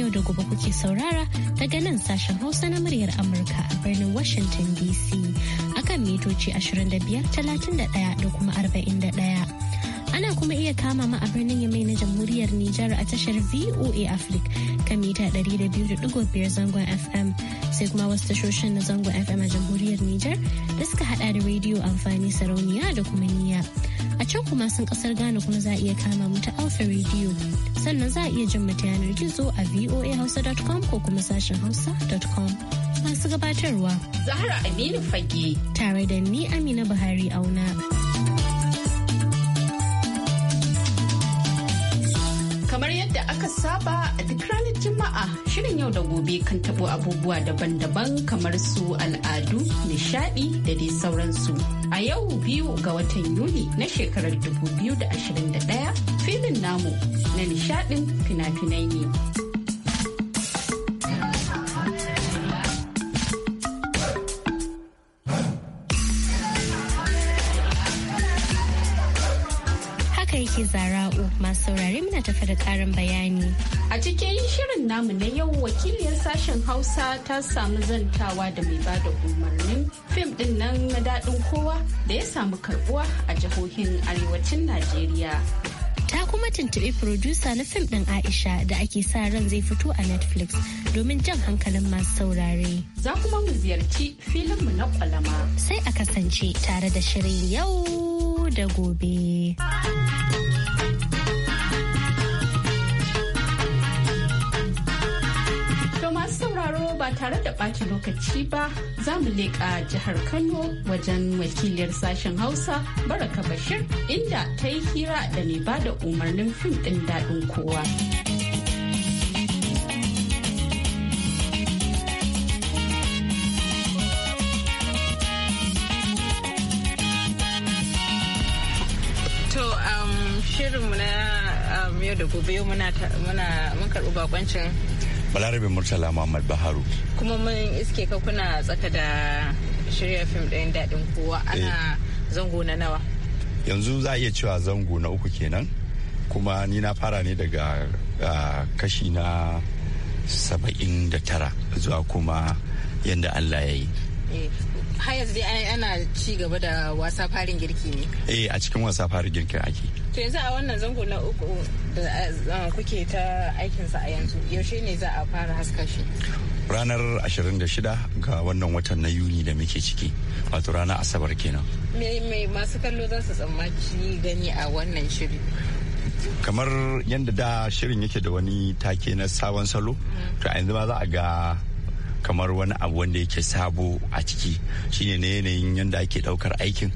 yau da gobe kuke saurara daga nan sashen Hausa na muryar Amurka a birnin Washington DC akan mitoci 25,31 da kuma 41. Ana kuma iya kama ma a birnin Yamai na Jamhuriyar Nijar a tashar VOA Africa kan mita 200.5 zangon FM sai kuma wasu tashoshin na zangon FM a Jamhuriyar Nijar da suka hada da rediyo amfani sarauniya da kuma niyya. can kuma sun kasar Ghana kuma za a iya kama mu ta Alpha Radio. Sannan za a iya jin mata yanar gizo a voahausa.com ko kuma sashen hausa.com. Masu gabatarwa. Zahra Aminu Fage. Tare da ni Amina Buhari Auna. Kamar yadda aka saba a jama'a shirin yau da gobe kan tabo abubuwa daban-daban kamar su al'adu, nishadi da dai sauransu. A yau biyu ga watan Yuli na shekarar 2021 filin namu na nishadin fina-finai ne. Haka yake zara. masu saurare muna tafi da karin bayani. A cikin shirin namu na yau wakiliyar sashen Hausa ta samu zantawa da mai ba da umarnin fim din nan na daɗin kowa da ya samu karɓuwa a jihohin arewacin Najeriya. Ta kuma tuntuɓi furodusa na fim ɗin Aisha da ake sa ran zai fito a Netflix domin jan hankalin masu saurare. Za kuma mu ziyarci filin mu na kwalama. Sai a kasance tare da shirin yau da gobe. ba tare da ɓata lokaci ba za mu leƙa jihar Kano wajen wakiliyar sashen Hausa Baraka Bashir inda ta yi hira da mai ba da umarnin fim ɗin daɗin kowa. To um, na um, yau da gobe muna, muna karɓi bakoncin balarabe murtala muhammad baharu kuma mun iske ka kuna tsaka da shirya fim ɗin daɗin kowa eh. ana zango na nawa yanzu za a iya cewa zango na uku kenan kuma ni na fara ne daga ah, kashi na saba'in da tara zuwa kuma yadda allah ya yi eh, yanzu ana ci gaba da wasa farin girki ne eh a cikin wasa farin girki ake to yanzu a wannan zango na uku da kuke ta aikinsa a yanzu yaushe ne za a fara haska shi ranar 26 ga wannan watan na yuni da muke ciki wato ranar asabar kenan mai masu kallo za su tsammaci gani a wannan shiri kamar yadda da shirin yake da wani take na sabon salo to a yanzu ma za a ga kamar wani abu wanda yake sabo a ciki shine ne yanayin yadda ake daukar aikin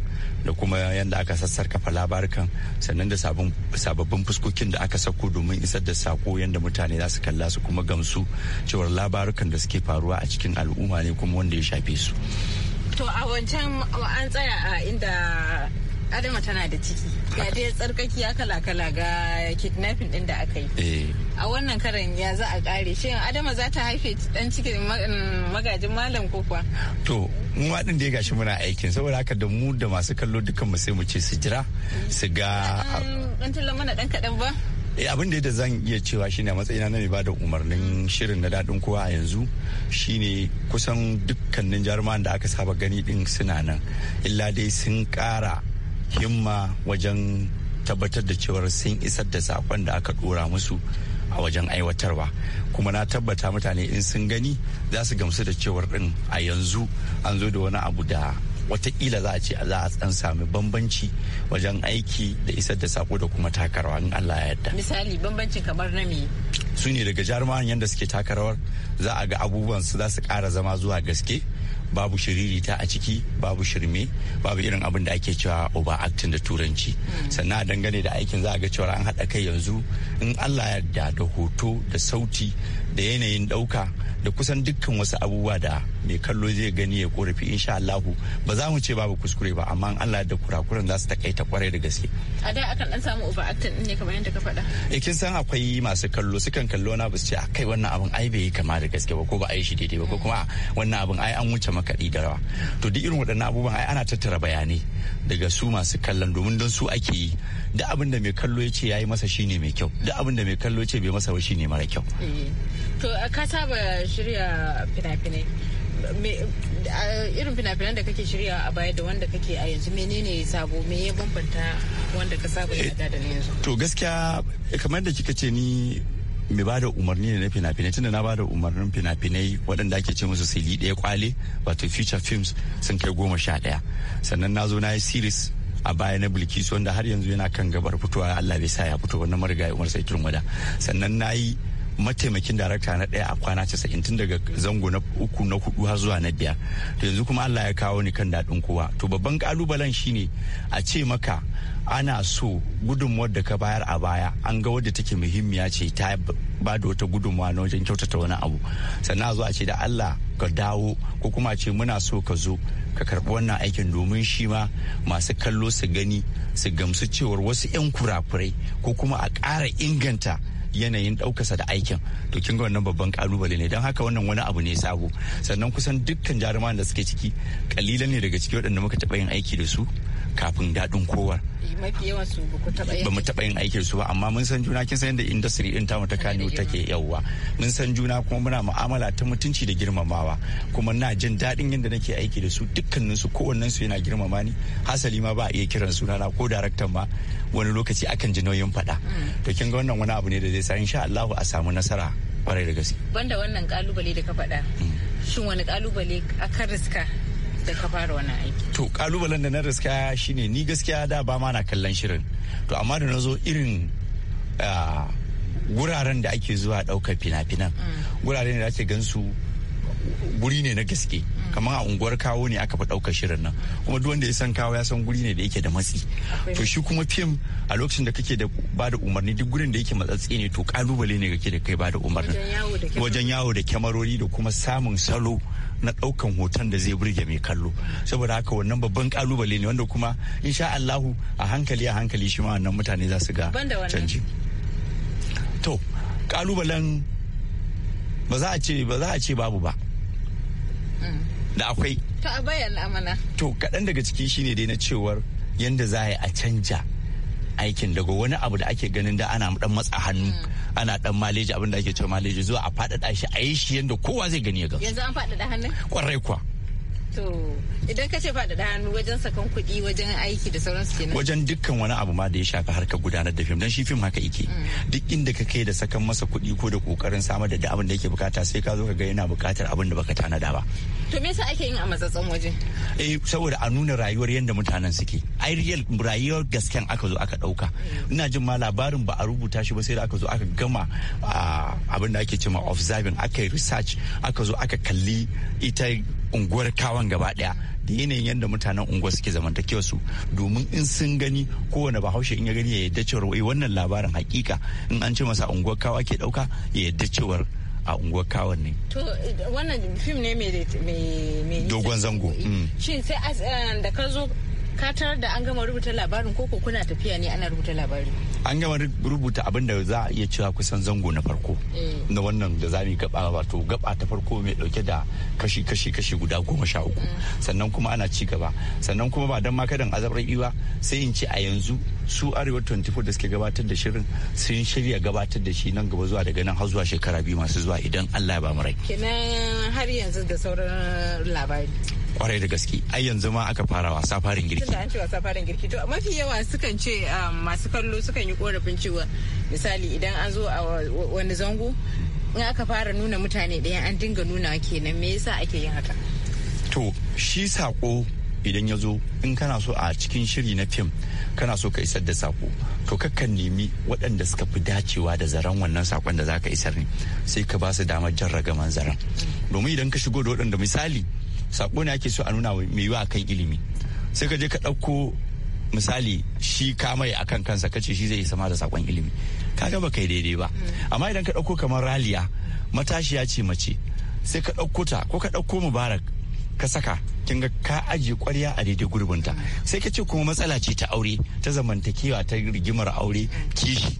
da kuma yadda aka sassarkafa labarukan sannan da sababbin fuskokin da aka sako domin isar da sako yadda mutane za su kalla su kuma gamsu cewar labarukan da suke faruwa a cikin al'umma ne kuma wanda ya shafe su. To a wancan an tsaya a inda adama tana da ciki ga dai tsarkaki ya kala kala ga kidnapping din da aka yi eh. a wannan karan ya za a kare shi adama za ta haife dan cikin mm, magajin malam ko kuwa to mu waɗin da ya gashi muna aikin saboda haka da mu da masu kallo dukan mu sai mu ce su jira su ga mana dan kadan ba eh abin da zan iya cewa shine a matsayina na ba da umarnin shirin na daɗin kowa a yanzu shine kusan dukkanin jaruman da aka saba gani din suna nan illa dai sun ƙara himma wajen tabbatar da cewar sun isar da sakon da aka ɗora musu a wajen aiwatarwa kuma na tabbata mutane in sun gani za su gamsu da cewar din a yanzu an zo da wani abu da watakila za a ce za a ɗan sami bambanci wajen aiki da isar da sako da kuma takarwa in Allah ya yarda. Misali bambanci kamar na me? Su ne daga jarumawan yadda suke takarawar za a ga abubuwan su za su kara zama zuwa gaske babu shiririta a ciki babu shirme babu irin abin da ake cewa over acting da turanci hmm. sannan dangane da aikin za a ga cewa an haɗa kai yanzu in allah yarda da hoto da sauti da yanayin ɗauka da kusan dukkan wasu abubuwa da mai kallo zai gani ya korafi insha Allahu ba za mu ce babu kuskure ba amma Allah da kurakuran za su takaita kwarai da gaske a da akan dan samu over din ne kamar yadda ka faɗa eh kin san akwai masu kallo sukan kallo na ba su ce akai wannan abin ai bai yi kama da gaske ba ko ba a yi shi daidai ba ko hmm. kuma wannan abin ai an wuce makaɗi da rawa to duk irin waɗannan abubuwan ai ana tattara bayanai daga su masu kallon domin don su ake yi duk abin da mai kallo ya ce ya yi masa shine mai kyau duk abin da mai kallo ya ce bai masa ba shine mara kyau eh. to ka saba shirya fina-finai irin fina-finan da kake shirya a baya da wanda kake a yanzu menene sabo me ya bambanta wanda ka saba yada da yanzu to gaskiya kamar da kika ce ni mai ba da umarni ne na fina-finai tunda na ba da umarnin fina-finai waɗanda ake ce musu sili ɗaya kwale wato future films sun kai goma sha ɗaya sannan na zo na yi series a baya na bilkisu wanda har yanzu yana kan gabar fitowa allah bai sa ya fito wannan marigayi umar sai wada sannan na yi mataimakin darakta na ɗaya a kwana casa'in tun daga zango na uku na hudu har zuwa na biyar to yanzu kuma allah ya kawo ni kan daɗin kowa to babban kalubalen shine a ce maka ana so gudunmuwar da ka bayar a baya an ga wadda take muhimmiya ce ta ba da wata gudunmuwa na wajen kyautata wani abu sannan a zo a ce da allah ka dawo ko kuma a ce muna so ka zo ka karɓi wannan aikin domin shi ma masu kallo su gani su gamsu cewar wasu 'yan kurakurai ko kuma a ƙara inganta yanayin ɗaukarsa da aikin to kin ga wannan babban kalubale ne don haka wannan wani abu ne sabo sannan kusan dukkan jaruman da suke ciki kalilan ne daga ciki waɗanda muka taɓa yin aiki da su kafin daɗin kowar eh, ba mu taɓa yin aiki da su ba amma mun san juna kin san yadda industry din tamu ta kano take yawwa mun san juna kuma muna mu'amala ta mutunci da girmamawa kuma na jin daɗin yadda nake aiki da su dukkanin su yana girmama ni hasali ma ba a iya kiran sunana ko daraktan ma wani lokaci akan ji nauyin faɗa to kin ga wannan wani abu ne da zai sa insha Allah a samu nasara kwarai da gaske banda wannan kalubale da ka faɗa shin wani kalubale akan riska da ka fara wani aiki to kalubalen da na riska shine ni gaskiya da ba ma na kallon shirin to amma da na zo irin wuraren da ake zuwa ɗaukar fina-finan mm. wuraren da ake gansu guri ne na gaske kamar a unguwar kawo ne aka fi ɗaukar shirin nan kuma duk wanda ya san kawo ya san guri ne da yake da matsi to shi kuma fim a lokacin da kake da ba da umarni duk gurin da yake matsatsi ne to kalubale ne kake da kai ba da umarni wajen yawo da kyamarori da kuma samun salo na ɗaukan hoton da zai burge mai kallo saboda haka wannan babban kalubale ne wanda kuma insha Allahu a hankali a hankali shi ma wannan mutane za su ga canji to kalubalen ba ba za a ce babu ba mm. da akwai to a bayyana mana to kaɗan daga ciki shine dai na cewar yadda za a canja aikin daga wani abu da ake ganin da ana dan matsa hannu mm. ana dan maleji abin da ake cewa maleji zuwa a faɗaɗa shi a yi shi yanda kowa zai gani ya gamsu yanzu an faɗaɗa hannun Ƙwarai kuwa To idan ka ce faɗaɗa hannu wajen sakan kuɗi wajen aiki da sauransu kenan. Wajen dukkan wani abu ma da ya shafi harkar gudanar da fim don shi fim haka yake. Mm. Duk inda ka kai da sakan masa kuɗi ko da kokarin samar da abin da yake bukata sai ka zo ka ga yana bukatar abin da baka tanada ba. To me yasa ake yin a matsatsan waje? Eh saboda a nuna rayuwar yadda mutanen suke. Ai real rayuwar gasken aka zo aka dauka mm. Ina jin ma labarin ba a rubuta shi ba sai da aka zo aka gama ah, abin da ake cewa observing aka yi research aka zo aka kalli ita unguwar kawan gaba daya da yanayin yadda mutanen unguwar suke zamantakewa su domin in sun gani kowane bahaushe in ya gani ya yadda cewar wannan labarin hakika in an ce masa unguwar kawa ke dauka ya yadda cewar a unguwar kawan ne. To wannan fim ne mai dogon zango. Mm. Shin sai eh, da ka zo ka da an gama rubuta labarin ko ko kuna tafiya ne ana rubuta labari an gama rubuta abin da za a iya cewa kusan zango na farko eh. na wannan da za mu gaba wato gaba ta farko mai dauke da kashi kashi kashi guda goma sha uku mm. sannan kuma ana ci gaba sannan kuma ba dan makadan azabar iwa sai in ci a yanzu su arewa 24 da suke gabatar da shirin sun shirya gabatar da shi nan gaba zuwa daga nan har zuwa shekara biyu masu zuwa idan Allah ya ba mu rai kenan har yanzu da sauran labari kwarai da gaske ai yanzu ma aka fara wasa farin girki tunda an ce wasa farin girki to mafi yawa sukan ce um, masu kallo sukan yi korafin cewa misali idan an zo a wani zango in aka fara nuna mutane ɗaya an dinga nuna kenan me yasa ake yin haka to shi sako idan ya zo in kana so a cikin shiri na fim kana so ka isar da sako to kakan nemi waɗanda suka fi dacewa da zaren wannan sakon da za ka isar ne sai ka ba su damar jan ragaman zaren domin idan ka shigo da waɗanda misali sako ne ake so a nuna mai yiwa kai ilimi sai ka je ka ɗauko misali shi ka kamai akan kansa kace shi zai isa da sakon ilimi ka ba kai daidai ba amma idan ka ɗauko kamar raliya matashiya ce mace sai ka ɗauko ta ko ka ɗauko mubarak ka saka kin ga ka ajiye kwarya a daidai gurbinta sai ka ce kuma matsala ce ta aure ta zamantakewa ta rigimar aure kishi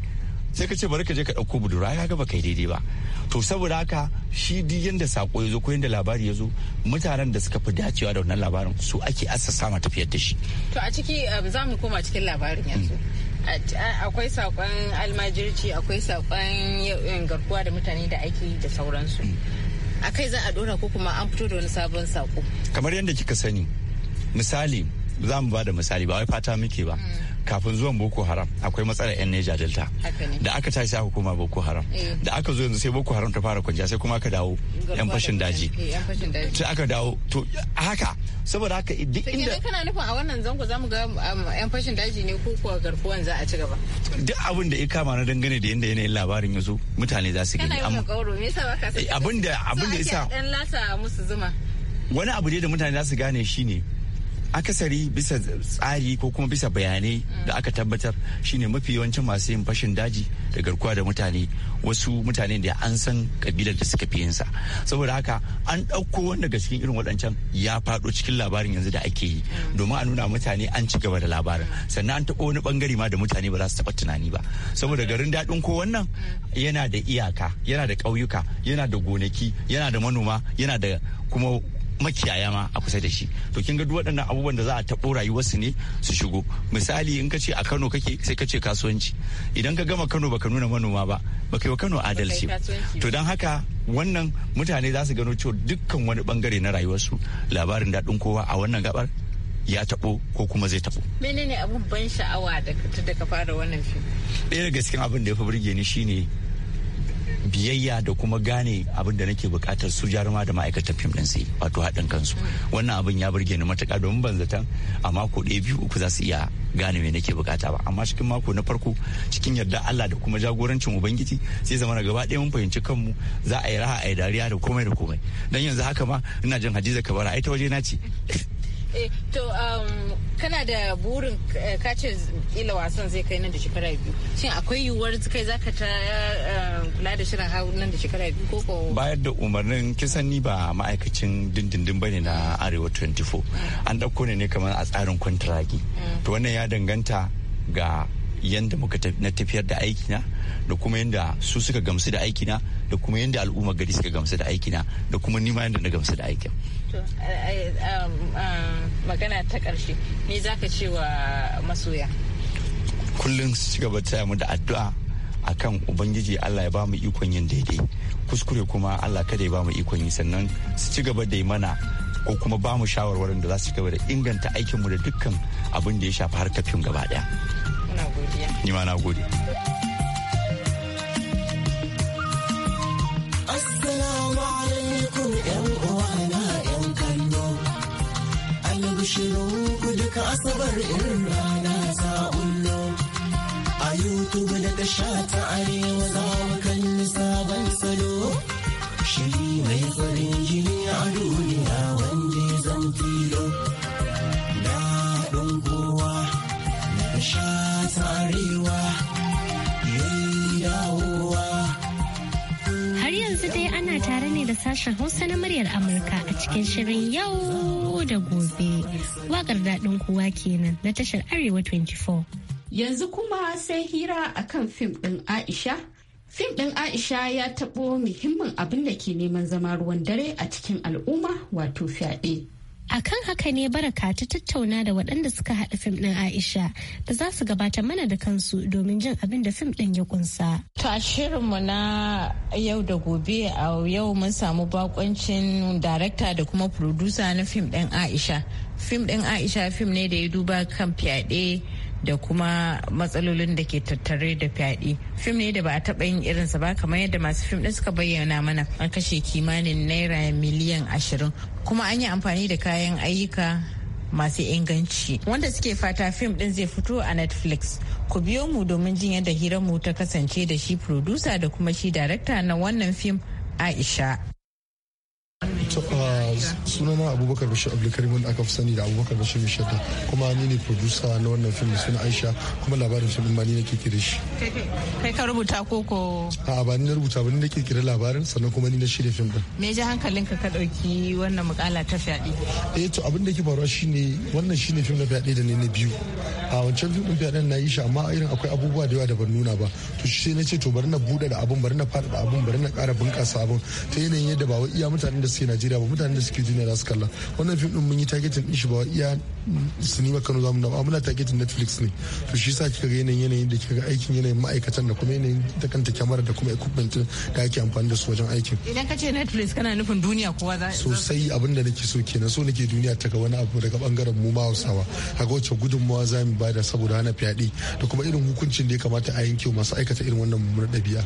sai ka ce bari ka je ka ɗauko budura ya ga ba kai daidai ba to saboda haka shi duk yadda sako ya zo ko yadda labari ya zo mutanen da suka fi dacewa da wannan labarin su ake assasa sama tafiyar da shi to a ciki eh, za mu koma cikin labarin yanzu akwai sakon almajirci akwai sakon eh, garkuwa da mutane da ake da sauransu mm. a kai za a dora ko kuma an fito da wani sabon sako kamar yadda kika sani misali za mu ba da misali ba wai fata muke ba mm. kafin zuwan boko haram akwai matsalar yan neja delta da aka tashi aka koma boko haram eh. da aka zo yanzu sai boko haram ta fara kwanciya sai kuma aka dawo yan fashin daji sai aka dawo to haka saboda haka duk inda kana nufin a wannan zango zamu ga um, yan fashin daji ne ko kuwa garkuwan za a ci gaba duk abin da ya kama na dangane da yanda yanayin labarin yanzu mutane za su gani amma eh, abin da abin da yasa dan lasa musu zuma wani abu ne da mutane za su gane shine akasari bisa tsari ko kuma bisa bayanai da aka tabbatar shine mafi yawancin masu yin fashin daji da garkuwa da mutane wasu mutane da an san kabilar da suka fi yinsa saboda haka an ɗauko wanda ga cikin irin waɗancan ya faɗo cikin labarin yanzu da ake yi domin a nuna mutane an ci gaba da labarin sannan an taɓo wani ɓangare ma da mutane ba za su taɓa tunani ba saboda garin daɗin ko wannan yana da iyaka yana da ƙauyuka yana da gonaki yana da manoma yana da kuma makiyaya ma a kusa da shi to kin ga duk waɗannan abubuwan da za a taɓo rayuwarsu ne su shigo misali in ka ce a Kano kake sai ka ce kasuwanci idan ka gama Kano baka nuna manoma ba baka yi wa Kano adalci to don haka wannan mutane za su gano cewa dukkan wani bangare na rayuwarsu labarin daɗin kowa a wannan gabar ya taɓo ko kuma zai taɓo. menene abun ban sha'awa da ka fara wannan fim ɗaya daga cikin abin da ya fi burge ni shine biyayya da kuma gane abin da nake bukatar su jaruma da ma'aikatan fim din su wato haɗin kansu wannan abin ya burge ni matuƙa domin ban zaton a mako ɗaya biyu uku za su iya gane me nake bukata ba amma cikin mako na farko cikin yarda Allah da kuma jagorancin ubangiji sai zama na gaba ɗaya mun fahimci kanmu za a yi raha a yi dariya da komai da komai dan yanzu haka ma ina jin Hadiza Kabara ai ta waje na ce Eh, to um, kana da burin eh, kace kila wasan zai kai nan da shekara biyu shin akwai yiwuwar kai zaka ta eh, kula da shirin har nan da shekara biyu ko ko bayar da umarnin kisan ni ba ma'aikacin dindindin bane na arewa 24 an dauko ne ne kamar a tsarin kwantiragi mm. to wannan ya danganta ga yadda muka na tafiyar da aikina da kuma yadda su suka gamsu da aikina da kuma yadda al'umma gari suka gamsu da aikina da kuma nima yadda na gamsu da aikin. magana ta ƙarshe ni za ka ce wa masoya? kullum su gaba taya mu da addu'a akan ubangiji allah ya ba mu ikon yin daidai kuskure kuma allah kada ya ba mu ikon yi sannan su ci gaba da mana ko kuma ba mu shawarwarin da za su gaba da inganta aikinmu da dukkan abin da ya shafi harkar kafin gaba daya godiya. Ni na gode. Assalamu alaikum ‘yan uwa na ‘yan kallo, albishirin ku duka asabar irin rana sa'ullo. A YouTube da tasha ta arewa za mu kalli sabon salo, shiri mai farin jini a duniya sashen Hausa na muryar Amurka a cikin shirin yau da gobe. Wakar daɗin kowa kenan na tashar Arewa 24. Yanzu kuma sai hira akan fim ɗin Aisha. Fim ɗin Aisha ya taɓo muhimmin abin da ke neman zama ruwan dare a cikin al'umma wato fyaɗe. a kan haka ne baraka ta tattauna da waɗanda suka haɗa fim ɗin aisha da za su gabata mana da kansu domin jin abin da fim ɗin ya kunsa. to a shirinmu na yau da gobe a yau mun samu bakoncin darakta da kuma furodusa na fim ɗin aisha fim ɗin aisha fim ne da ya duba kan fyaɗe da kuma matsalolin da ke tattare da fyaɗe fim ne da ba a taɓa yin irinsa ba kamar yadda masu fim ɗin suka bayyana mana an kashe kimanin naira miliyan ashirin kuma an yi amfani da kayan ayyuka masu inganci wanda suke fata fim ɗin zai fito a netflix ku biyo mu domin jin yadda hiranmu ta kasance da shi producer da kuma shi darakta na wannan fim aisha sunana abubakar bashir abdulkarim wanda aka fi sani da abubakar bashir mai shadda kuma ni ne producer na wannan fim suna aisha kuma labarin fim ma ni na kirkire shi kai ka rubuta ko ko a ba ni na rubuta ba ni na kirkire labarin sannan kuma ni na shirya fim din me ji hankalin ka ka dauki wannan mukala ta fyaɗe eh to abin da ke faruwa shine wannan shine fim na fyaɗe da ne na biyu a wancan fim din fyaɗen na yi shi amma irin akwai abubuwa da yawa da ban nuna ba to shi sai na ce to bari na buɗe da abun bari na faɗa da abun bari na ƙara bunƙasa abun ta yanayin yadda ba wai iya mutanen da suke najeriya ba mutanen da suke duniya za su kalla wannan fim din mun yi targetin din shi ba iya sinima kano zamu da muna targetin netflix ne to shi sa kika ga yanayin yanayin da kika ga aikin yanayin ma'aikatan da kuma yanayin ta kanta kyamara da kuma equipment da ake amfani da su wajen aikin idan ka ce netflix kana nufin duniya kowa za sosai abin da nake so kenan so nake duniya ta ga wani abu daga bangaren mu ma hausawa kaga wacce gudunmawa za mu bada saboda hana fyaɗe da kuma irin hukuncin da ya kamata a yanke masu aikata irin wannan mummunar ɗabi'a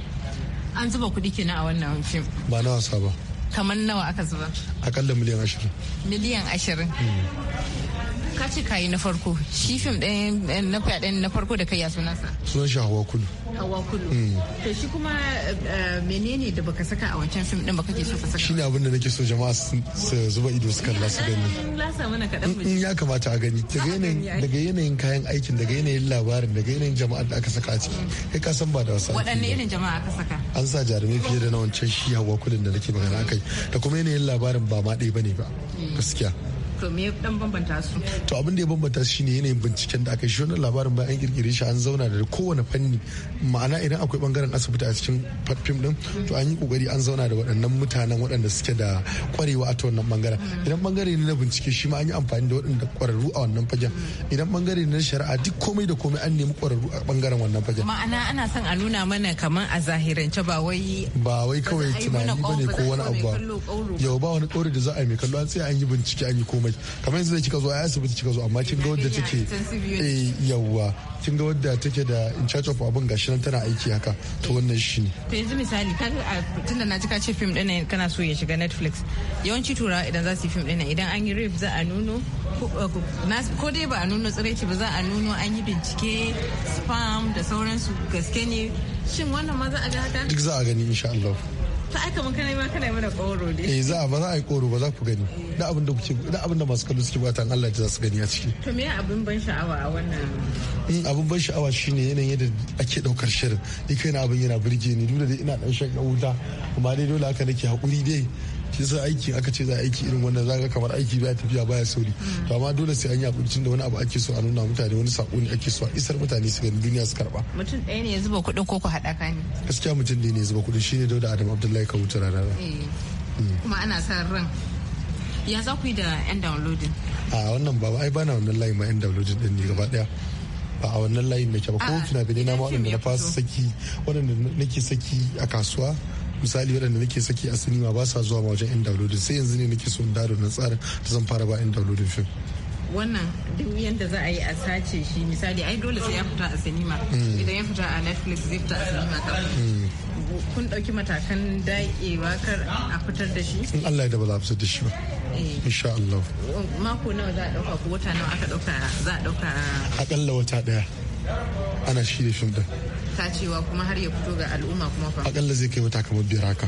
an zuba kuɗi kenan a wannan fim ba na wasa ba kamar nawa aka zuba akalla miliyan ashirin miliyan ashirin mm. ka ce kayi na farko shi fim ɗin eh, na fyaɗen na farko da kai ya sa. sunan shi hawa kulu hawa kulu mm. to shi kuma eh, menene da baka saka a wancan fim ɗin baka ke so ka saka shine abin da nake so jama'a su zuba ido su kalla su gani in mm, ya kamata a gani daga yanayin kayan aikin daga yanayin labarin daga yanayin jama'a da aka saka a ciki kai ka san ba da wasa waɗanne irin jama'a aka saka an sa jarumai fiye da na wancan shi hawa kulun da nake magana kai da kuma yanayin labarin ba ma ɗaya bane ba mm. gaskiya to me dan bambanta su to abin da ya bambanta shi ne yanayin binciken da aka yi shi labarin bayan an kirkire shi an zauna da kowane fanni ma'ana idan akwai bangaren asibiti a cikin fim din to an yi kokari an zauna da waɗannan mutanen waɗanda suke da kwarewa a ta wannan bangaren idan bangare ne na bincike shi ma an yi amfani da waɗanda kwararru a wannan fagen idan bangare ne na shari'a duk komai da komai an nemi kwararru a bangaren wannan fagen ma'ana ana son a nuna mana kamar a zahirance ba wai ba wai kawai tunani bane ko wani abu yau ba wani kauri da za a yi mai kallo an tsaye an yi bincike an yi komai bane kamar yanzu da kika zuwa ya asibiti kika zuwa amma kin ga wadda take eh yawwa kin ga wadda take da in charge of abun gashi nan tana aiki haka to wannan shi ne to yanzu misali ka tunda na ci ka ce film din kana so ya shiga Netflix yawanci turawa idan za su yi film din idan an yi rave za a nuno eh, ko dai ba a nuno tsiraici ba za a nuno an yi bincike spam da sauransu gaske ne shin wannan ma za a ga haka duk za a gani insha Allah ta aika mun kana ma kana mana koro ne eh za a ba za a yi koro ba za ku gani da abin da kuke da abin da masu kallo suke bata an Allah ta za su gani a ciki to me abin ban sha'awa a wannan in mm, abin ban sha'awa shine yanayin yadda ake daukar shirin ni kaina abin yana burge ni duk da ina dan shan wuta amma dai dole haka nake hakuri dai shi sa aiki aka ce za a aiki irin wannan zaka kamar aiki baya tafiya baya sauri to amma dole sai an yi abincin da wani abu ake so a nuna mutane wani sako ne ake so a isar mutane su gani duniya su karba mutum ɗaya ne ya zuba kuɗin ko ku haɗa ka ne gaskiya mutum ɗaya ne ya zuba kuɗin shine Dauda Adam Abdullahi Kawuta rana eh, hmm. kuma ana sa ran ya za ku yi da 'yan downloading a wannan ba ai bana wannan layin ma 'yan downloading ɗin ne gaba daya ba a wannan layin nake ba ko fina bene na waɗanda na fasa saki waɗanda nake saki a kasuwa misali waɗanda nake saki a sinima ba sa zuwa wajen yan downloading sai yanzu ne nake so in dawo na tsarin da zan fara ba yan downloading film wannan duk yadda za a yi a sace shi misali ai dole sai ya fita a sinima hmm. idan ya fita a netflix zai fita a sinima kafin hmm. kun dauki matakan daƙewa kar a fitar da shi? In Allah ya da ba za a fitar da shi ba. Eh. Insha Allah. Mako nawa za a ɗauka ko wata nawa aka ɗauka za a ɗauka? akalla wata ɗaya ana shi da fim ɗin. tacewa kuma har ya fito ga al'umma kuma fa akalla zai kai wata kamar biyar haka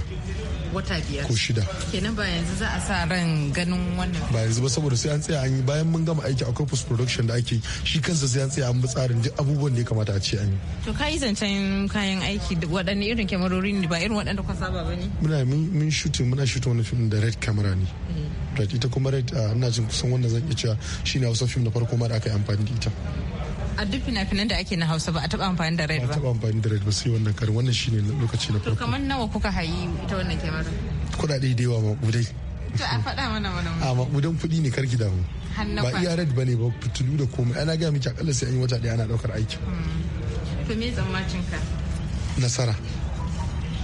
wata biyar ko shida kenan ba yanzu za a sa ran ganin wannan ba yanzu ba saboda sai an tsaya an yi bayan mun gama aiki akwai post production da ake shi kansa sai an tsaya an bi tsarin duk abubuwan da ya kamata a ce an yi to ka yi zancen kayan aiki waɗanne irin kyamarori ne ba irin waɗanda ka saba ba ne muna mun shooting muna shooting wani film da red camera ne mm-hmm. ita kuma red ah, ina jin kusan wannan zan iya cewa shine wasu film na farko ma da aka yi amfani da ita a duk fina-finan da ake na hausa ba a taba amfani da red ba a taba amfani da red ba sai wannan karin wannan shi ne lokaci na farko to kamar nawa kuka hayi ita wannan kyamara kudade da yawa makudai to a faɗa mana mana a makudan kuɗi ne karki damu ba iya red bane ba fitilu da komai ana gaya miki akalla sai an yi wata ɗaya ana ɗaukar aiki hmm. to me zammacin ka nasara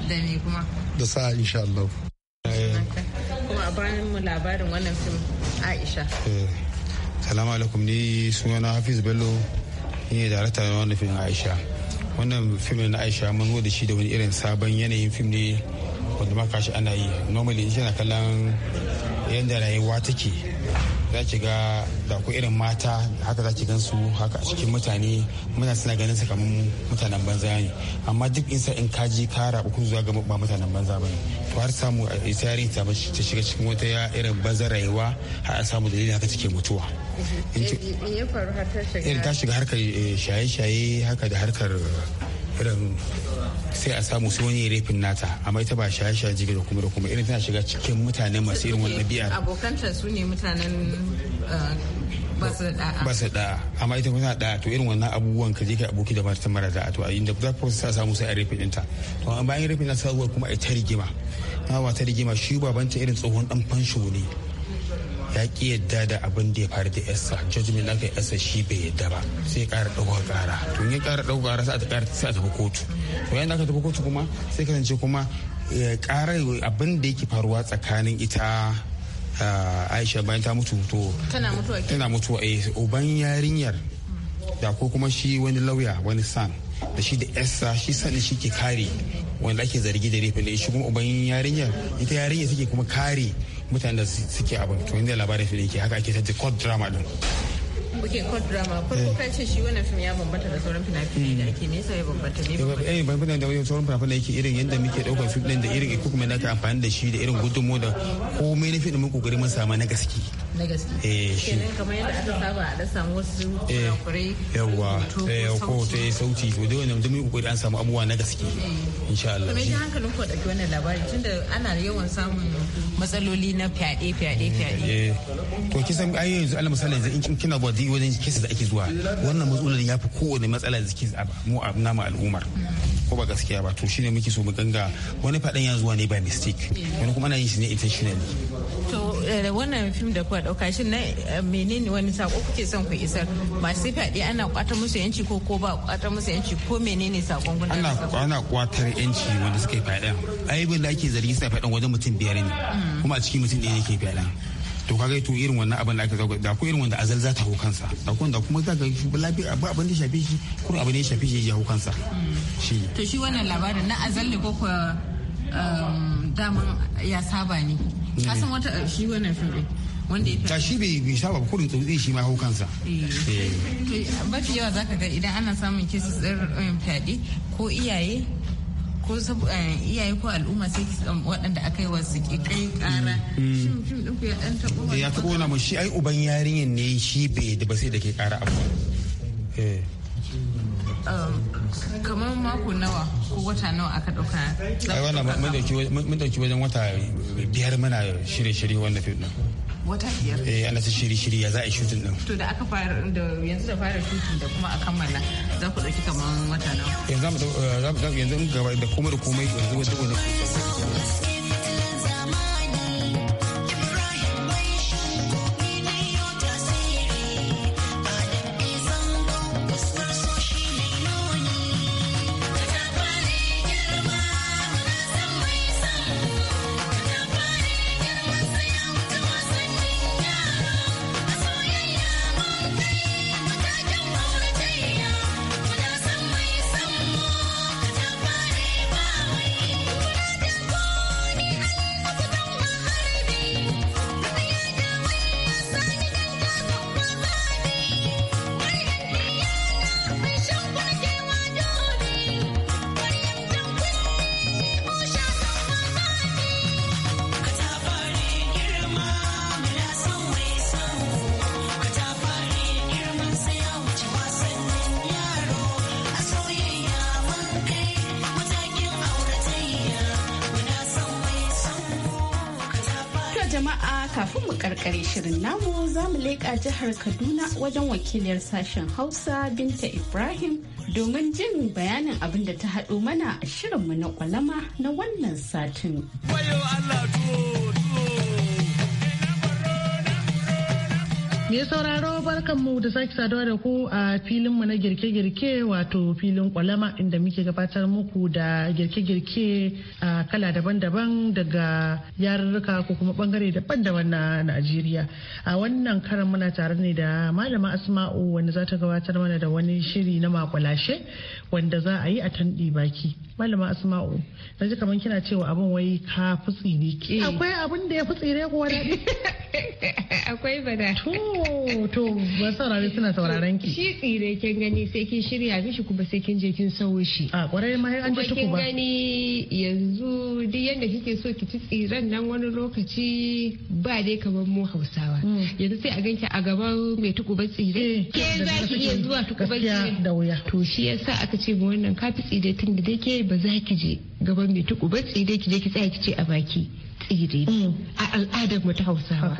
da me kuma da sa'a insha Allah kuma a bayan mu labarin wannan fim Aisha eh. salamu alaikum ni sunana Hafiz Bello ni ne darakta na wannan fim aisha wannan fim na aisha mun zo da shi da wani irin sabon yanayin fim ne wanda maka shi ana yi normally in shi na kallon yadda rayuwa take za ki ga da ku irin mata haka za ki gan su haka a cikin mutane muna suna ganin su kamar mutanen banza ne amma duk insa in kaji ji ka rabu ku zuwa ga ba mutanen banza bane ne to har samu a isari ta shiga cikin wata ya irin banza rayuwa har a samu dalilin haka cike mutuwa in eh, ya faru har ta shiga harkar eh, shaye-shaye haka da harkar irin sai a samu sai wani refin nata amma ita ba shaye shaye jiki da kuma da kuma irin tana shiga cikin mutane masu irin wani ɗabi'a abokanta su ne mutanen uh, ba su da amma ita kuma da to irin wannan abubuwan ka je ka aboki da mata mara da to a inda za ku sa samu sai a refin ɗinta to an bayan refin na sa kuma a ta rigima na ba ta rigima shi babanta irin tsohon dan fansho ne ya ki yadda da abin da ya faru da yasa judgment aka yasa shi bai yadda ba sai ya kara ɗaukar kara to in ya kara ɗaukar kara sai a kara sai a tafi kotu to yayin da aka tafi kotu kuma sai kasance kuma karar eh, abin da yake faruwa tsakanin ita ah, aisha bayan ta mutu to tana mutuwa eh uban yarinyar da ko kuma shi wani lauya wani san da shi da yasa shi sani shi ke kare wanda ake zargi da rifin da shi kuma uban yarinyar ita yarinyar take kuma kare mutane da suke abin to inda labarin fili ke haka ake ta the drama din kuke court drama farko eh. ka ce shi wannan fim ya bambanta da sauran fina-finai da ake me ya bambanta me bambanta eh da sauran fina-finai yake irin yadda muke daukar fim din da irin equipment da ka amfani da shi da irin gudunmu da komai na fim mun kokari mun na gaske na gaske eh shi kamar yadda aka saba a dan samu wasu eh, kurakurai yawa eh ko ta sauti to dole ne mun kokari an samu abubuwa na gaske eh. insha Allah me ji hankalin ku dauki wannan labari tunda ana yawan samun matsaloli na fyaɗe fyaɗe fyaɗe to kisan ai yanzu alal in kina body yi wajen kesa da ake zuwa wannan matsalar ya fi kowane matsala da zaba mu a namu al'ummar ko ba gaskiya ba to shine muke so mu ganga wani fadan ya zuwa ne by mistake wani kuma ana yin shi ne intentionally to eh, wannan fim da kuka dauka shin na eh, menene wani sako kuke son ku isar masu fyaɗe ana kwata musu yanci ko ko ba kwata musu yanci ko menene sakon gudanar ana ana kwatar yanci wanda suka yi fyaɗen ayyukan da ake zargi suna fyaɗen wajen mutum biyar ne mm. kuma a cikin mutum ɗaya ne ke fyaɗen to kaga to irin wannan abin da aka zauka da ko irin wanda azal za ta hau kansa da ko da kuma zaka shi lafiya ba abin da shafe shi ko abin da ya shafe shi ya hau kansa shi to shi wannan labarin na azal ne ko ko um, daman ya saba ne kasan wata uh, shi wannan fim wanda ya ta shi bai bai saba kurin tsotsi shi ma hau kansa eh. Eh. mafi yawa zaka ga idan ana samun cases din um, fyaɗe ko iyaye ko eh, iyaye ko al'umma sai waɗanda aka yi wasu kai kara mm. shin fim ku ya ɗan taɓo wani ya shi ai uban yarinyar ne shi bai da ba sai da ke ƙara abu eh. um, kamar mako nawa ko wata nawa aka dauka ai wannan mun dauki wajen wata biyar muna shirye-shirye wannan fim wata biyar eh ana ta shiri shiri ya za a yi shooting din to da aka fara da yanzu da fara shooting da kuma a kammala za ku dauki kaman wata nawa yanzu za mu eh, yanzu gaba da komai da komai yanzu wanda wani kare shirin namu za mu leƙa jihar Kaduna wajen wakiliyar sashen Hausa Binta Ibrahim domin jin bayanin abin da ta haɗo mana a shirinmu na kwalama na wannan satin. Wayo Allah Me sauraro barkan mu da sake saduwa da ku a filinmu na girke-girke wato filin kwalama inda muke gabatar muku da girke-girke a kala daban-daban daga yarurruka ko kuma bangare daban-daban na Najeriya. A wannan karan muna tare ne da malama Asma'u wanda za ta gabatar mana da wani shiri na makwalashe wanda za a yi a tanɗi baki. Malama Asma'u, na ji kamar kina cewa abin wai ka ne ke. Akwai abin da ya fitsi ne kuwa Akwai bada. to ba saurari suna sauraron ki. Shi tsire kin gani sai kin shirya mishi kuma sai kin je kin sawo shi. A kwarai ma an je tuku ba. gani yanzu duk yanda kike so ki ci tsiren nan wani lokaci ba dai kamar mu Hausawa. Hmm. Yanzu sai a ganki a gaban mai tuku ba tsire. Eh, ke za ki iya zuwa tuku ba tsire. da wuya. To shi yasa aka ce mu wannan kafi tsire tun da dai ke ba za ki je gaban mai tuku ba tsire ki je ki tsaya ki ce a baki. tsire mm, a al'adar mu ta hausawa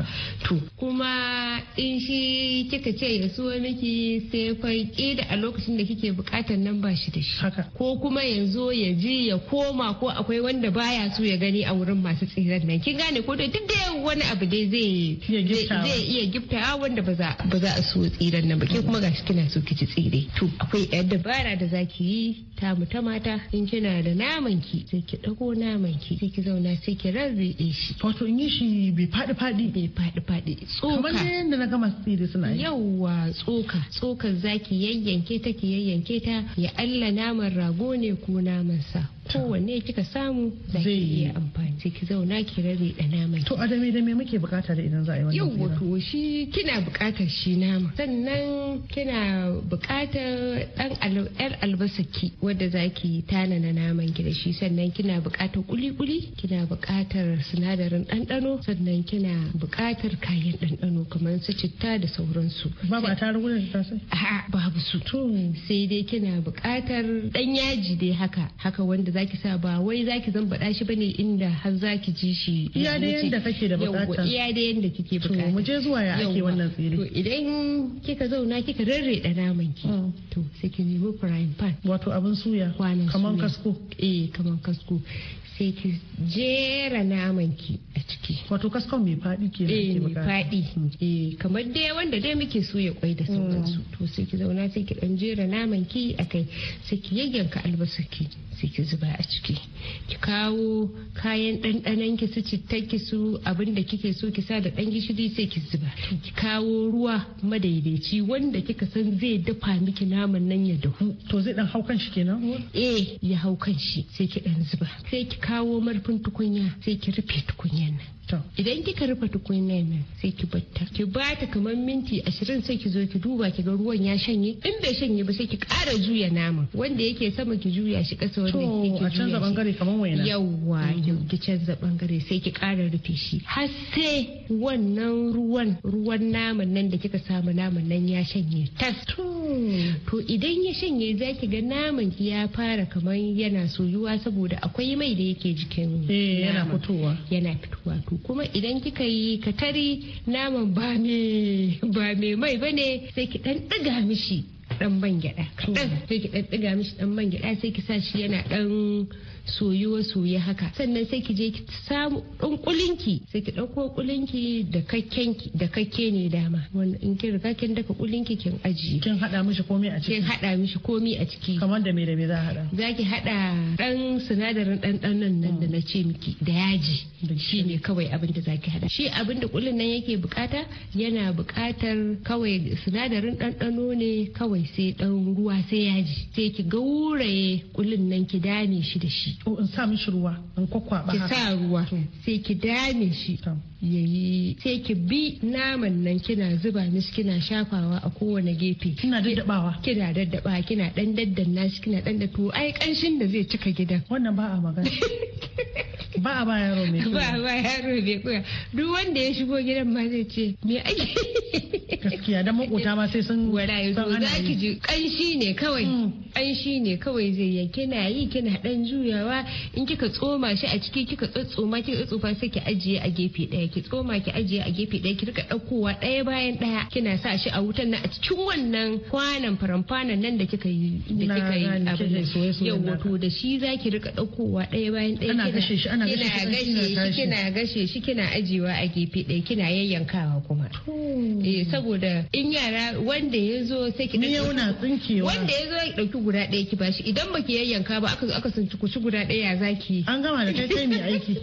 to kuma in shi kika ce ya so miki sai fai ƙida a lokacin da kike bukatar nan ba shi da shi ko kuma ya ya ji ya koma ko akwai wanda baya so ya gani a wurin masu tsiren nan kin gane ko duk da wani abu dai zai zai iya giftawa wanda ba za a so tsiren nan ba ke kuma gashi kina so kici tsire to akwai yar dabara da zaki yi ta mutamata. mata in kina da naman ki sai ki dago naman ki sai ki zauna sai ki rarre rikide shi wato in yi shi bai faɗi faɗi bai faɗi faɗi tsoka kamar yadda na gama tsiri suna yi Yawwa tsoka tsokar zaki yayyanke ta ki yayyanke ta ya Allah naman rago ne ko naman sa kowanne kika samu za ki iya amfani ki zauna ki rabe da naman to a dame dame muke bukata da idan za a yi wannan yau to shi kina bukatar shi nama sannan kina bukatar dan yar albasaki wadda za ki tanana naman ki da shi sannan kina bukatar kuli-kuli kina bukatar sinadarin ɗanɗano sannan kina bukatar kayan ɗanɗano kamar su citta da sauransu babu a tarin gudun da babu su to sai dai kina bukatar dan yaji dai haka haka wanda zaki sa ba wai zaki zambaɗa shi bane inda har zaki ji shi iya da yanda kake da bukata iya da yanda kike bukata to mu je zuwa ya ake wannan tsiri to idan kika zauna kika rarreda naman ki mm. to sai ki nemi frying pan wato abin suya kaman kasko eh kaman kasko sai ki jera naman ki a ciki wato kaskon mai faɗi ke eh faɗi eh kamar dai wanda dai muke so ya kwai da sauransu mm. to sai ki zauna sai ki dan jera naman ki a kai sai ki yayyanka albasa ki sai ki zuba a ciki ki kawo kayan ɗanɗanon ki su cittar ki su abin da kike so ki sa da ɗan gishiri sai ki zuba ki kawo ruwa madaidaici wanda kika san zai dafa miki naman nan ya dahu to zai dan kan shi kenan eh ya kan shi sai ki dan zuba sai ki kawo marfin tukunya sai ki rufe tukunyan nan To idan kika rufe tukunyar sai ki batta. Ki bata kamar minti ashirin sai ki zo ki duba ki ga ruwan ya shanye. In bai shanye ba sai ki ƙara juya nama. Wanda yake sama ki juya shi ƙasa wanda yake juya. To a canza bangare kamar waina. Yawwa mhm. ki canza bangare sai ki kara rufe shi. Har sai wannan ruwan ruwan naman nan da kika samu naman nan ya shanye tas. To idan ya shanye za ki ga naman ki ya fara kamar yana soyuwa saboda akwai mai da yake jikin. Eh yana fitowa. Yana fitowa kuma idan kika yi katari naman ba me ba me mai bane sai ki dan diga mishi dan man kadan sai ki dan diga mishi dan man sai ki sa shi yana dan soyuwa soye haka sannan sai ki je ki samu ɗan kulinki sai ki ɗauko kulinki da kakken da kakke ne dama in kin riga kin daka kulinki kin ajiye kin hada mishi komai a ciki kin hada mishi komai a ciki kamar da me da me za hada zaki hada dan sinadarin dan nan da hmm. na ce miki da yaji shi ne kawai abin da zaki hada shi abin da kulin nan yake bukata yana bukatar kawai sinadarin ɗanɗano ne kawai sai ɗan ruwa sai yaji sai ki gauraye kulin nan ki dame shi da shi in sa mishi ruwa in kwakwaba ki sa ruwa sai ki dame shi yayi sai ki bi naman nan kina zuba mishi kina shafawa a kowane gefe kina daddabawa kina daddaba kina dan daddanna shi kina dan da to ai kanshin da zai cika gidan wannan ba a magana ba a ba yaro mai ba a ba yaro mai kuya duk wanda ya shigo gidan ma zai ce me ake gaskiya dan makota ma sai sun wala yanzu zo zaki ji kanshi ne kawai kanshi mm. ne kawai zai yi kina yi kina dan juyawa in kika tsoma shi a ciki kika tsotsoma kika tsofa sai ki ajiye a gefe ɗaya ki tsoma ki ajiye a gefe ɗaya ki rika ɗaukowa ɗaya bayan ɗaya kina sa shi a wutan na a cikin wannan kwanan faranfanan nan da kika yi da kika yi abin da shi za ki rika ɗaukowa ɗaya bayan ɗaya gashe shi gashe shi kina gashe shi kina ajiyewa a gefe ɗaya kina yayyankawa kuma eh saboda in yara wanda ya zo sai ki ɗauki tsinkewa wanda ya zo ya ɗauki guda ɗaya ki bashi idan baki yayyanka ba aka aka sun ci guda ɗaya za ki an gama da kai kai mai aiki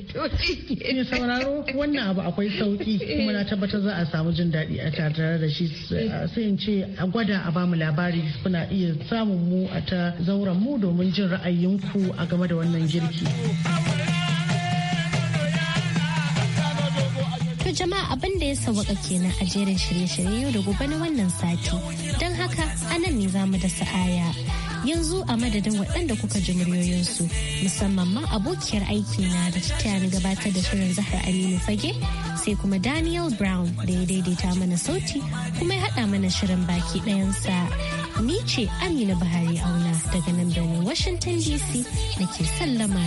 ne sauraro wannan abu akwai sauki eh. kuma na tabbatar za a samu jin daɗi a tattare da shi eh. sai in ce a gwada a bamu labari kuna iya samun mu a ta zauren mu domin jin ra'ayinku a game da wannan girki. jama'a abin da ya sauwaka kenan a jerin shirye-shirye yau da gobe na wannan sati don haka a nan ne za mu da sa'aya. yanzu a madadin waɗanda kuka ji muryoyinsu musamman ma abokiyar aiki na da ta ni gabatar da shirin zahar aminu fage sai kuma daniel brown da ya daidaita mana sauti kuma ya haɗa mana shirin baki ɗayansa ni ce amina buhari auna daga nan birnin washington dc da ke sallama